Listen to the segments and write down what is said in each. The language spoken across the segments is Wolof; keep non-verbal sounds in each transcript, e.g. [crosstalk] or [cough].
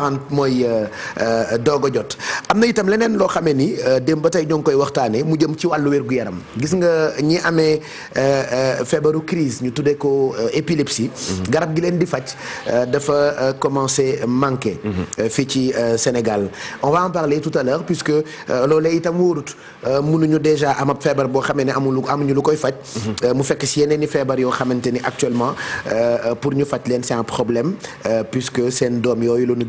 quarante mooy euh, euh, doog a jot am na itam leneen loo xamee ni euh, démb ba tey ñoo ngi koy waxtaanee mu jëm ci wàllu wérgu yaram gis nga ñi amee feebaru crise ñu tuddee ko épilepsie mhm. garab gi leen di faj dafa commencé manqué mhm. fi ci Sénégal on va en parler tout à l'heure puisque loolee itam wóorut mënuñu déjà am ab feebar boo xamee ne amul amuñu lu koy faj mhm. mu fekk si yeneen i feebar yoo xamante ni actuellement pour ñu faj leen c'est un problème puisque seen doom yooyu la ñu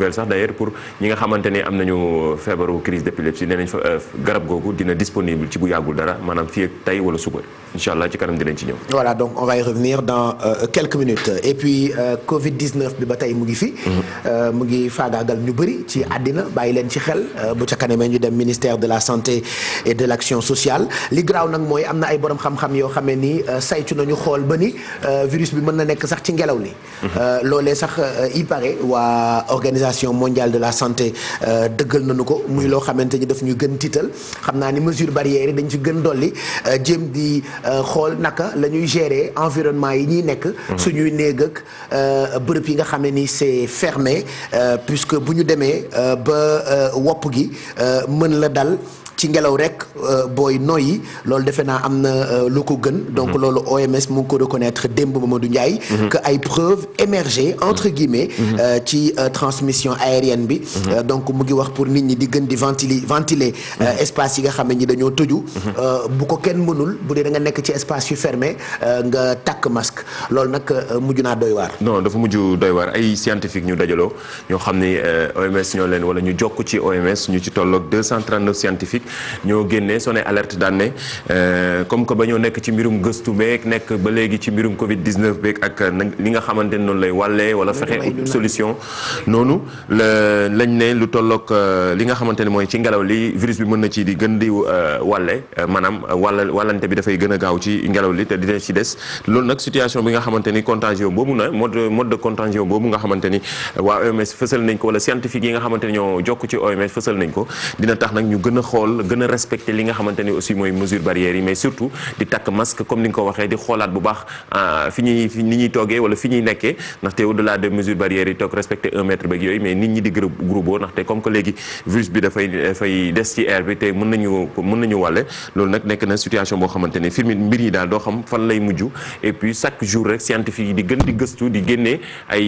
nouvelle sax d'ailleurs pour ñi nga xamante am nañu euh, feebaru crise d'épilepsie nee nañ fa euh, garab googu dina disponible ci bu yàggul dara maanaam fii ak tey wala suba incha allah ci kanam dinañ ci ñëw. voilà donc on va revenir dans euh, quelques et puis euh, Covid 19 bi ba tey mu ngi fi. Mhm. mu ngi faagaagal ñu bëri ci àddina bàyyi leen ci xel bu ca kanamee ñu dem ministère de la santé et de l'action sociale li graaw nag mooy am na ay borom xam-xam yoo xamee ni saytu nañu xool ba ni virus bi mën na nekk sax ci ngelaw li. Mhm. organisation mondiale de la santé euh, dëggal nañu ko muy loo xamante ni daf ñu gën tiital xam naa ni mesure barrière yi dañ ci gën dolli euh, jéem di euh, xool naka la ñuy gérer environnement yi ñuy nekk. Mhm. suñuy néeg ak bërëb yi nga xam ne ni c'est fermé puisque bu ñu demee ba wopp gi mën la dal. ci ngelaw rek euh, booy noyyi loolu defe naa am na euh, lu ko gën. donc mhm. loolu OMS mu ngi ko reconnaître démb Mamadou Ndiaye. Mhm. que ay preuves émergées entre mhm. guillemets. Euh, ci transmission aérienne bi. donc mu ngi wax pour nit ñi di gën di ventiler ventiler espace yi nga xam ne ñi dañoo tëju. bu ko kenn mënul bu dee da nekk ci espace yu fermé nga takk masque loolu nag mujj naa doy waar. non dafa mujj doy waar ay scientifique ñu dajaloo ñoo xam ni OMS ñoo leen wala ñu jokk ci OMS ñu ci tolloog 239 scientifiques. ñoo génnee sonné alerte daan ne euh, comme que ba ñoo nekk ci mbirum gëstu beeg nekk ba léegi ci mbirum Covid 19 beeg ak li nga xamante ne noonu lay wàllee wala fexe solution. noonu la lañ ne lu tollook euh, li nga xamante ne mooy ci ngelaw li virus bi mën na ci di gën di euh, maanaam wàll wàllante bi dafay gën a gaaw ci ngelaw li te dina ci des loolu nag situation bi nga xamante ni contagion boobu na mode mode de contagion boobu nga xamante ni waa OMS fësal nañ ko wala scientifique yi nga xamante ni ñoo jokk ci OMS fësal nañ ko dina tax nag ñu gën a xool loolu gën nekk na situation boo xamante ne mbir yi daal doo xam fan lay mujj et puis chaque jour rek scientifique yi di gën di gëstu di génnee ay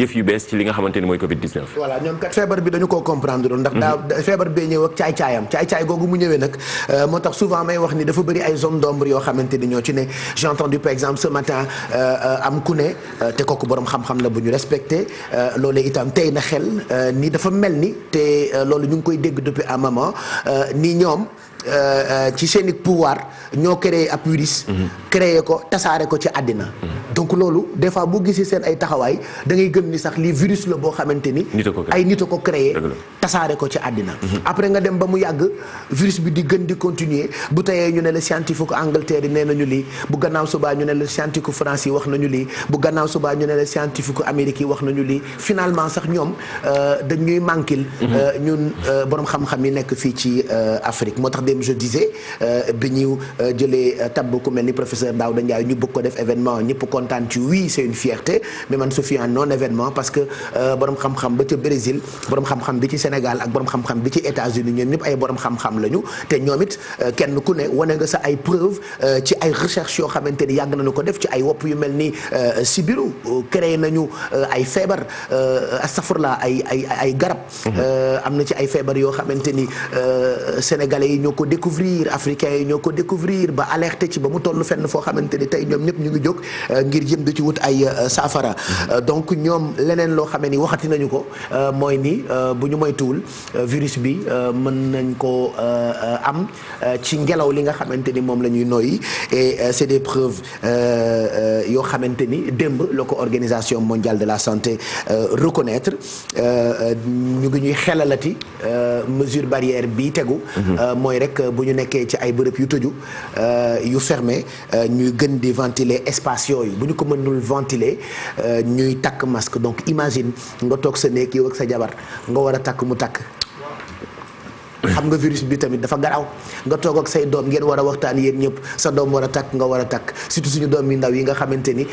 yëf yu bees ci li nga xamante mooy covid 19 voilà ñoom kat feebar bi dañu koo comprendre ndax mm-hmm. feebar bee ñëw caay-caayam caay-caay googu mu ñëwee nag euh, moo tax souvent may wax ni dafa bëri ay zones d'ombre yoo xamante ni ñoo ci ne j'ai entendu par exemple ce matin euh, am ku ne euh, te kooku borom xam-xam la bu ñu respecté loolu itam tey na xel ni dafa mel ni te loolu ñu ngi koy dégg depuis un moment ni ñoom. Euh, euh, ci seen i pouvoir ñoo créé ab virus. Mhm. créé ko tasaare ko ci àddina. Mhm. donc loolu des fois boo gisee seen ay taxawaay da ngay gëm ni sax li virus la boo xamante ni. ay nit a ko créé tasaare ko ci àddina. Mhm. après nga dem ba mu yàgg virus bi di gën di continuer bu teyee ñu ne la scientifique Angleterre yi nee nañu lii bu gannaaw subaa ñu ne la yi wax nañu lii bu gannaaw subaa ñu ne la scientifique Amérique yi wax nañu lii finalement sax ñoom euh, dañuy manquil ñun borom xam-xam yi nekk fii ci Afrique dem je disais euh, bi ñu euh, euh, ku mel ni professeur Daouda Ndiaye ñu bëgg ko def événement ñëpp kontaan ci oui c'est une fierté mais su fi non événement parce que borom xam-xam ba ca Brésil borom xam-xam bi ci Sénégal ak borom xam-xam bi ci États-Unis ñoom ñëpp ay borom xam-xam lañu te ñoom it kenn ku ne wane nga sa ay preuve ci ay recherche yoo xamante ni yàgg nañu ko def ci ay wopp yu mel ni sibiru créé nañu ay feebar astafurla ay ay ay garab mhm. am na ci ay feebar yoo ko découvrir africains yi ñoo ko découvrir ba alerté ci ba mu toll fenn foo xamante ni tey ñoom ñëpp ñu ngi jóg euh, ngir jëm di ci wut ay euh, saafara mm-hmm. euh, donc ñoom leneen loo xamee ni waxati nañu ko mooy ni bu ñu moytuwul virus bi mën nañ ko am ci ngelaw li nga xamante ni moom la ñuy noyyi et c'est des preuves yoo xamante ni démb la ko organisation mondial de la santé reconnaître ñu ngi ñuy xelalati mesure barrière bi tegu mm-hmm. mooy rek rek euh, bu ñu nekkee ci ay bërëb yu tëju euh, yu fermé euh, ñuy gën di ventiler espace yooyu bu ñu ko mënul ventiler ñuy takk masque donc imagine nga toog sa néeg yow ak sa jabar nga war a takk mu takk xam nga virus bi tamit dafa garaaw nga toog ak say doom ngeen war a waxtaan yéen ñëpp sa doom war a takk nga war a takk surtout suñu doom yi ndaw yi nga xamante ni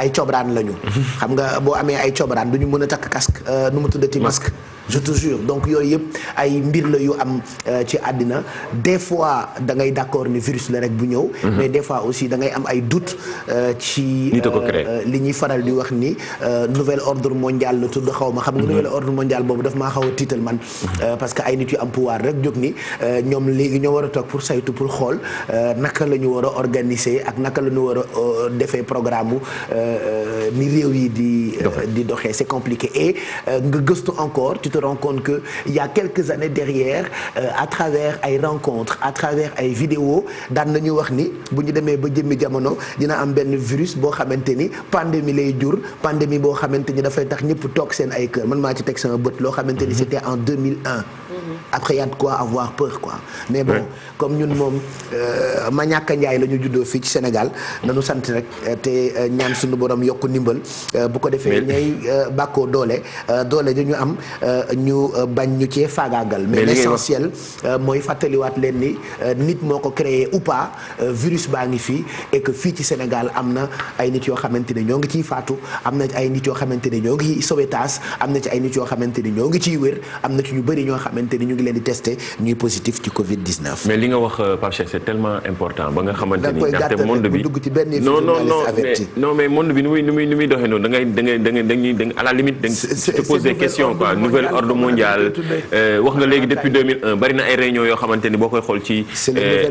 ay cobraan lañu. [laughs] xam nga boo amee ay cobraan du ñu mën a takk casque nu mu tuddati masque. je te donc yooyu yëpp ay mbir la yu am euh, ci àddina des fois da ngay d'accord ni virus la rek bu ñëw mhm. mais des fois aussi da ngay am ay doute euh, ci euh, li ñuy faral di wax ni nouvel ordre mondial la tudd xaw ma xam nga mhm. nouvel ordre mondial boobu daf maa xaw a tiital man mhm. parce que ay nit yu am pouvoir rek jóg ni ñoom léegi ñoo war a toog pour saytu pour xool naka la ñu war a ak naka la ñu war a defee programme ni réew yi di di doxee c'est compliqué et nga gëstu encore te rends compte que il y a quelques années derrière euh, à travers ay rencontres à travers ay vidéos daan nañu wax ni bu ñu demee ba jëmmi jamono dina am benn virus boo xamante ni pandémie lay jur pandémie boo xamante ni dafay tax ñëpp toog seen ay kër man maa ci teg sama bët loo xamante ni mhm. c'était en 2001. après y a de quoi avoir peur quoi. mais bon comme ñun moom euh, ma ñàkk a njaay la juddoo fii ci Sénégal nañu sant rek te euh, ñaan suñu borom yokk ndimbal euh, bu ko defee ñay bàkkoo doole doole dañu am ñu bañ ñu cee faagaagal. mais l'essentiel mooy fàttaliwaat leen ni nit moo ko créé ou pas virus baa ngi fii et fii ci Sénégal am na ay nit yoo xamante ne ñoo ngi ciy faatu am na ay nit yoo xamante ne ñoo ngi ci ci ay nit yoo xamante ne ñoo ngi ciy wér am na ci ñu bëri ñoo xamante xamante ni ñu ngi leen di testé ñuy positif ci Covid 19. mais li nga wax euh, Pape Cheikh c'est tellement important ba nga xamante ni ndaxte monde bi dugg ci benn non non non mais non mais monde bi ni muy ni muy ni muy doxee noonu da ngay da ngay da ngay dañuy da à la limite da nga te pose des questions quoi nouvel ordre mondial euh, wax nga léegi depuis 2001 euh, bari na ay réunions yoo xamante ni boo koy xool ci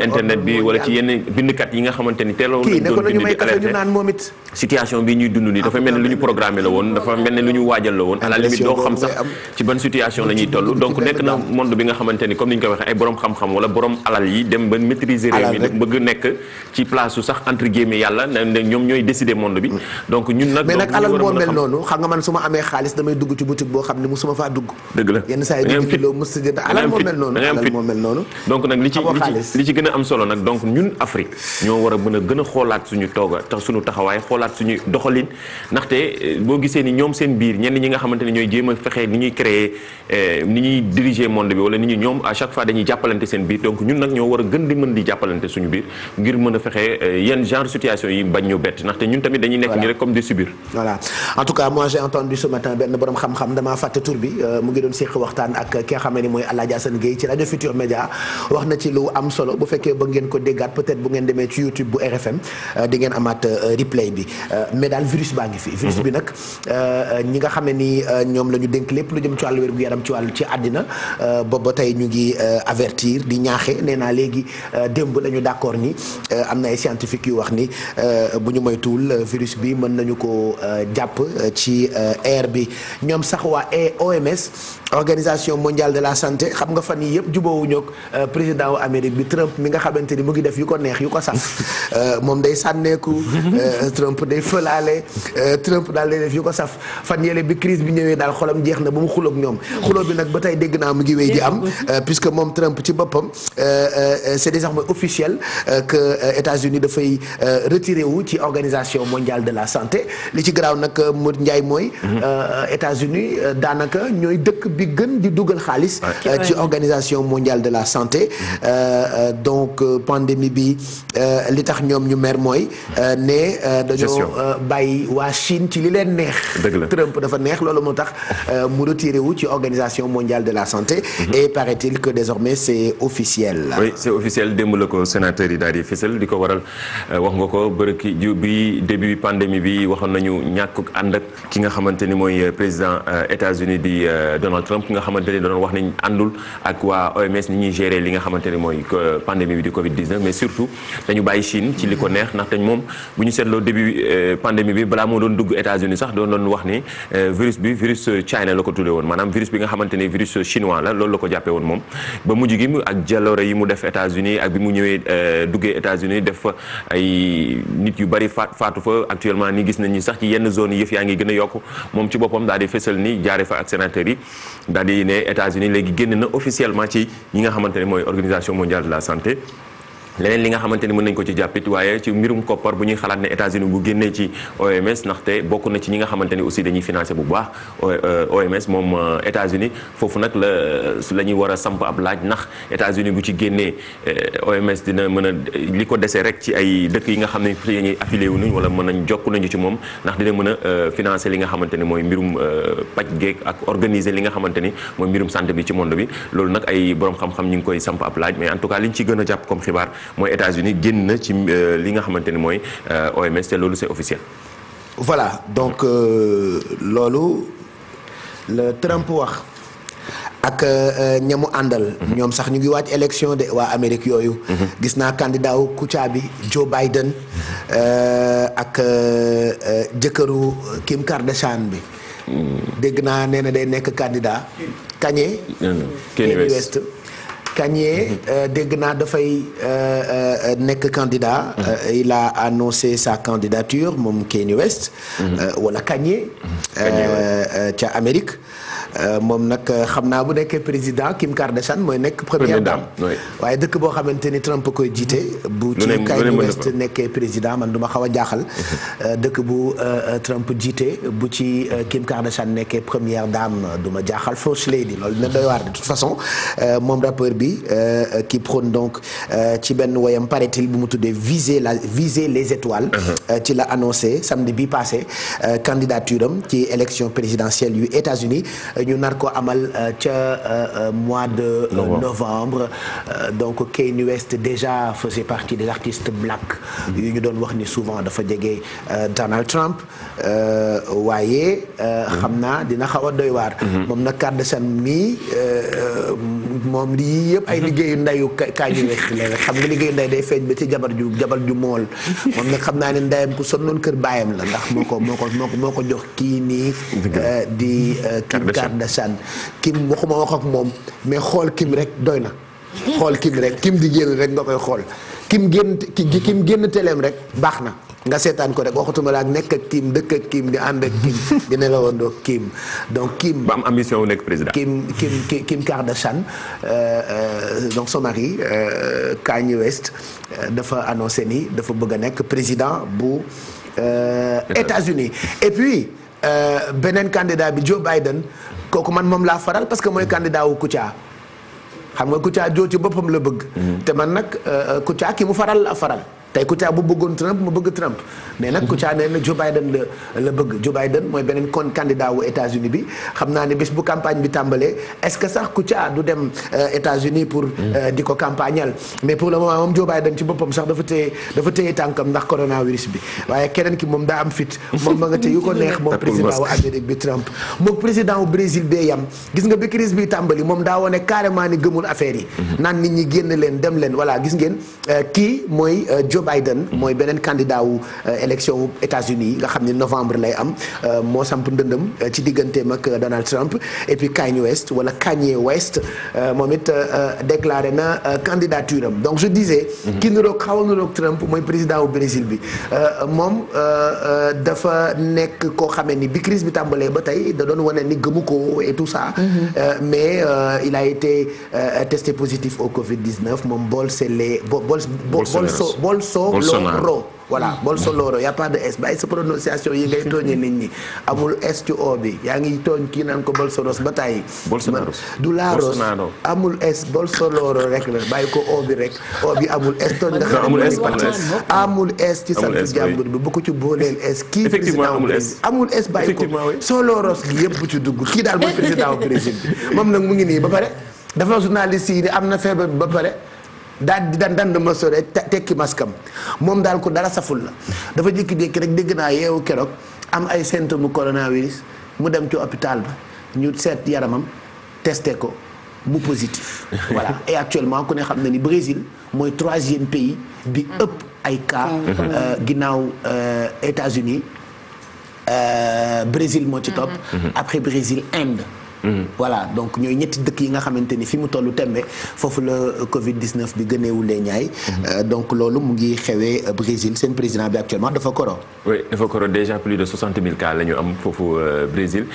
internet bi wala ci yenn bindkat yi nga xamante ni teeloon lañ doon bind di alerté situation bi ñuy dund nii ah, dafa mel ne lu ñu programmé la woon dafa mel ne lu ñu waajal la woon à la limite doo xam sax ci ban situation la ñuy toll donc nekk na monde bi nga xamante comme ni ñu ko waxee ay borom xam-xam wala borom alal yi dem ba maîtriser réew mi bëgg nekk ci place sax entre guillemets yàlla ne ñoom ñooy décider donc nag li ci li a am solo nag donc ñun Afrique ñoo war a mën a gën xoolaat suñu tooga tax suñu taxawaay xoolaat suñu doxalin ndaxte eh, boo gisee ni ñoom seen biir ñenn ñi nga xamante ñooy jéem fexe ni ñuy créer eh, ni ñuy diriger monde bi wala nit ñi ñoom à chaque fois dañuy jàppalante seen biir donc ñun nag ñoo war a gën di mën di jàppalante suñu biir ngir mën a fexe euh, yenn genre situation yi bañ ñu bett ndaxte ñun tamit dañuy nekk nii rek comme di subir voilà en tout cas moi j'ai entendu ce benn borom xam-xam damaa fàtte tur bi euh, mu ngi doon séq waxtaan ak ki nga xam mooy El Hadj Assane ci rajo Futur Média wax na ci lu am solo bu fekkee ba ngeen ko déggaat peut-être bu la ñu lépp lu jëm ci wàllu wér gu yaram ci wàllu ci Euh, boobu ba tey ñu ngi euh, avertir di ñaaxe nee naa léegi euh, démb la ñu d'accord ni am na ay scientifique yu wax ni bu ñu moytuwul virus bi mën nañu ko jàpp ci air bi ñoom sax waa e OMS organisation mondial de la santé xam nga fan yii yëpp jubóowuñu ak président wu Amérique bi Trump mi nga xamante ni mu ngi def yu ko neex yu ko saf [laughs] moom day sànneeku Trump day fëlaale Trump daal day def yu ko saf fan yële bi crise bi ñëwee daal xolam jeex na ba mu xulóog ñoom mm. xulóo giwee ji am euh, puisque moom Trump ci boppam euh, euh, c'est désormais officiel que États-Unis dafay retiré wu ci organisation mondiale de la santé li ci garaaw nag Mour Ndiaye mooy mhm. États-Unis daanaka ñooy dëkk bi gën di dugal xaalis ci organisation mondiale de la santé mhm. donc pandémie bi li tax ñoom ñu mer mooy ne dañoo bàyyi waa Chine ci li leen neex Trump dafa neex loolu moo tax mu retiré wu ci organisation mondiale de la santé assemblée. Mm-hmm. et paraît-il que désormais c'est officiel. dem la ko sénateur yi daal di fësal di ko waral euh, wax nga ko bërëki ju bi début pandémie bi waxoon nañu ñàkk ànd ak ki nga xamante ni mooy euh, président euh, États-Unis di Donald Trump nga xamante ni doon wax nañ àndul ak waa OMS ni ñuy gérer li nga xamante ni mooy pandémie bi di Covid 19 mais surtout dañu bàyyi Chine ci li ko neex ndax dañ moom bu ñu seetloo début pandémie bi balaa moo doon dugg États-Unis sax doon doon la. daal loolu la ko jàppee woon moom ba mujj gi mu ak jaloore yi mu def États-Unis bi mu ñëwee euh, duggee États-Unis def fa ay nit yu bari faat faatu fa actuellement ni gis nañ ni sax ci yenn zone yëf yaa ngi gën a yokk moom ci boppam daal di fësal ni jaare fa ak sénateur yi daal di ne États-Unis léegi génn na officiellement ci ñi nga xamante mooy organisation mondiale de la santé leneen li nga xamante ni mën nañ ko ci jàppit waaye ci mbirum koppar bu ñuy xalaat ne États-Unis bu génnee OMS ndaxte bokk na ci ñi nga xamante ni aussi dañuy financé bu baax OMS moom euh, États-Unis foofu nag la euh, la ñuy war a samp ab laaj ndax États-Unis bu ci génnee euh, OMS dina mën a li ko desee rek ci ay dëkk yi nga xam ne fi ñuy affilié wu wala mën nañ jokk nañu ci moom ndax dina mën a financé li nga xamante ni mooy mbirum paj geeg ak organiser li nga xamante ni mooy mbirum santé bi ci monde bi loolu nag ay borom xam-xam ñu ngi koy samp ab laaj mais en tout cas ci gën a jàpp comme xibaar mooy États-Unis génn na ci euh, li nga xamante ni mooy euh, OMS te loolu c'est officiel. voilà donc euh, loolu la Trump wax. ak ñamu àndal. Mhm. ñoom sax ñu ngi waaj élection de waa amerique yooyu. Mhm. gis naa candidat wu Kucha bi Joe Biden. ak jëkkëru Kim Kardashian bi. Mm. dégg naa nee na day nekk candidat. Kanye. Kanye West Kanye mhm. euh, dégg naa dafay euh, euh, euh nekk candidat. Mhm. il a annoncé sa candidature moom Kanye West. Mhm. wala Kanye. ca Amérique. Euh, moom nag euh, xam naa bu nekkee président Kim Kardashian mooy nekk première dame waaye dëkk boo xamante ni Trump koy jiite bu ci nekkee président man du ma xaw a jaaxal [laughs] euh, dëkk bu Trump jiite bu ci Kim Kardashian nekkee première dame duma ma jaaxal first lady loolu dina doy waar de toute façon moom rappeur bi qui prône donc ci benn woyam paraît-il bu mu tuddee viser la viser les étoiles uh-huh. ci la annoncé samedi bi passé candidature am ci élection présidentielle yu États-Unis ñu nar ko amal euh, ca euh, euh, mois de novembre donc Kanye West déjà faisait partie des artistes black yu ñu doon wax ni souvent dafa jege Donald Trump waaye xam naa dina xaw a doy waar mhm. moom nag carte de san mi moom yii yëpp ay mhm. liggéeyu ndeyu kaañu weex la xam nga liggéeyu ndey day feeñ ba ci jabar ju jabar ju mool moom nag xam naa ne ndeyam ku sonnoon kër baayam la ndax moo ko moo ko moo moo ko jox kii nii euh, di euh, Kim Kardashian Kim waxuma wax ak moom mais xool Kim rek doy na xool Kim rek Kim di génn rek nga koy xool Kim génn ki Kim génn teleem rek baax na nga seetaan ko rek waxatuma la nekk ak kiim dëkk ak kiim di ànd ak kiim [laughs] di nelawandoo kiim donc kiim ba am ambition wu nekk président kiim kiim kiim Kardashian euh, euh, donc son mari euh, Kanye West dafa annoncé ni dafa bëgg a nekk président bu États-Unis et puis beneen candidat bi Joe Biden kooku man moom laa faral parce que mooy candidat wu Kouthia xam nga Kouthia joo ci boppam la bëgg mhm. te man nag Kouthia ki mu faral la faral tey Kouthia bu bëggoon Trump mu bëgg Trump mais nag Kouthia bëgg Joe Biden mooy beneen kon candidat wu États-Unis bi xam naa ne bis bu campagne bi tàmbalee est-ce que sax Kouthia du dem euh, États-Unis pour mm. euh, di ko campagnal mais pour le moment moom Joe Biden ci boppam sax dafa téye dafa téye tànkam ndax coronavirus bi waaye keneen ki moom daa am fit moom ma nga te yu ko neex moom président bi Trump moom président wu Brésil bee yam gis nga bi crise bi tàmbali moom daa wone carrément ni gëmul affaire yi mm-hmm. naan nit ñi génn leen dem leen voilà gis ngeen euh, kii mooy Joe Biden mooy beneen candidat wu euh, élection wu États-Unis nga xam ne novembre lay am euh, moo samp ndëndëm euh, ci digganteem ak Donald Trump et puis Kanye West wala Kanye West moom it déclaré na candidature am donc je disais. Mhm. ki niroog xaw niroog Trump mooy président wu Brésil bi moom dafa nekk koo xamee ni bi crise bi tàmbalee ba tey da doon wane ni gëmu ko et tout ça. Mhm. mais il a été testé positif au Covid 19 moom Bolsonaro Bolsonaro Bolsonaro voilà Bolsonaro y a pas de S bàyyi sa prononciation yi ngay tooñee nit ñi amul ci O bi yaa ba O bi rek O bi amul S tooñ nga xam amul S ci sant jàmbur bi bu ko bu ci dugg kii daal mooy président wu président bi moom ba pare dafa journaliste yi ni am na feebar bi ba pare daal di daan daan ma sore tekki maskam moom daal ko dara saful la dafa jékki-jékki rek dégg naa yeewu keroog am ay symptômes coronavirus mu dem ci hôpital ba ñu seet yaramam testé ko bu positif. [laughs] voilà et actuellement ku ne xam na ni Brésil mooy troisième pays bi mm. ëpp ay cas. Mm. Euh, ginnaaw euh, États-Unis euh, Brésil moo ci topp. Mm-hmm. après Brésil Inde. Mm-hmm. voilà donc ñooy ñetti dëkk yi nga xamante ni fi mu tollu tembe foofu la Covid 19 bi gëneewulee ñaay. Mm-hmm. Euh, donc loolu mu ngi xewee euh, Brésil seen président bi actuellement dafa koro. oui dafa koro déjà plus de 60 000 cas la ñu am foofu euh, Brésil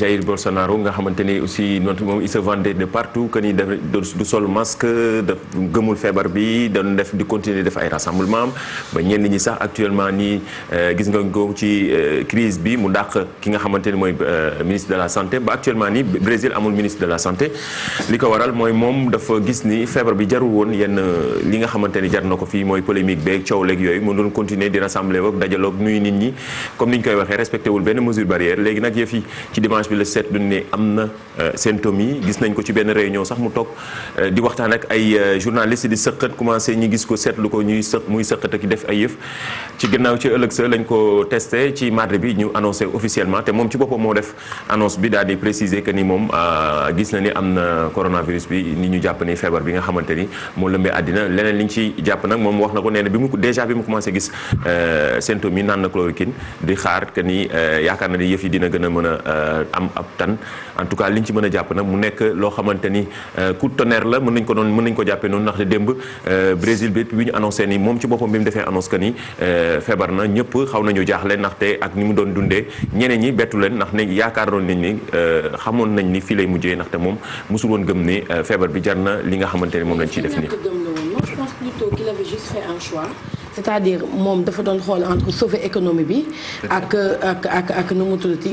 Jair Bolsonaro nga xamante ni aussi noonu moom il se vendait de partout que ni du sol masque da gëmul feebar bi dañu def di continuer def ay rassemblement am ba ñenn ñi sax actuellement nii gis nga ko ci crise bi mu dàq ki nga xamante ni mooy ministre de la santé ba actuellement ni Brésil amul ministre de la santé li ko waral mooy moom dafa gis ni feebar bi jarul woon yenn euh, li nga xamante ni jar na ko fii mooy polémique beeg coow leeg yooyu mu doon continuer di rassembler woog comme ni ñu waxee respecté wul benn mesure barrière léegi nag yëf yi ci dimanche bi la seet duñ ne am na euh, gis nañ ko ci benn réunion sax mu toog euh, di waxtaan ak ay journaliste di sëqat commencé ñi gis ko seetlu ko ñuy sëq muy sëqat ak def ay yëf ci gannaaw ci ëllëg sa lañ ko teste ci mardi bi ñu annoncé officiellement te moom ci boppam moo def annonce bi daal di préciser que ni moom euh, gis na ni am na coronavirus bi ni ñu jàpp ni feebar bi nga xamante ni moo lëmbee àddina leneen li ñu ci jàpp nag moom wax na ko nee na bi mu déjà bi mu commencé gis euh, naan na chloroquine di xaar que ni euh, yaakaar na ni yëf yi dina gën a mën a am ab tan en tout cas li ñu ci mën a jàpp nag mu nekk loo xamante ni coup de tonnerre la mën nañ ko doon mën nañ ko jàppee noonu ndax de démb Brésil bi bi ñu annoncé ni moom ci boppam bi mu defee annonce que ni feebar na ñëpp xaw nañu jaaxle te ak ni mu doon dundee ñeneen ñi bettu leen ndax ne yaakaaroon nañ ni xamoon nañ ni fii lay mujje ndaxte moom mosul woon gëm ni euh, feebar bi jar na li nga xamante ne moom lañ ciy def nii. cest a dire moom dafa doon xool entre sauver économie bi. ak ak ak ak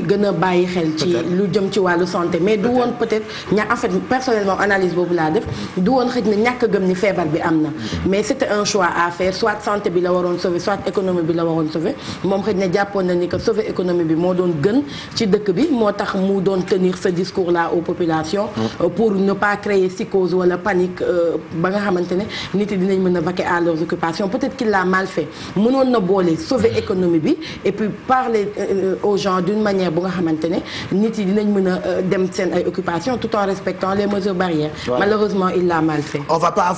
gën a bàyyi xel. ci lu jëm ci wàllu santé. mais du woon peut-être ña en fait personnellement analyse boobu laa def du woon xëj na ñàkk gëm ni feebar bi am na. Mm-hmm. mais c'était un choix à faire soit santé bi la waroon sauver soit économie bi la waroon sauver moom xëj na jàppoon na ni que sauver économie bi moo doon gën ci dëkk bi moo tax mu doon tenir ce discours là aux populations. Mm-hmm. Euh, pour ne pas wala panique euh, ba nga xamante ne nit dinañ mën a vaquer à leurs occupations peut-être qu'il l'a mal fait mënoon na boole sauver économie bi et puis parler euh, euh, aux gens d'une manière bu nga xamante nit yi dinañ mën a euh, dem seen ay tout en respectant les mesures barrières. malheureusement il l'a mal fait. on va pas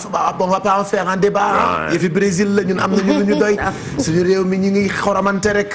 en faire un débat. yëfi Brésil la ñun am na ñu ñu doy. [laughs] suñu réew mi ñu ngi xoromante rek.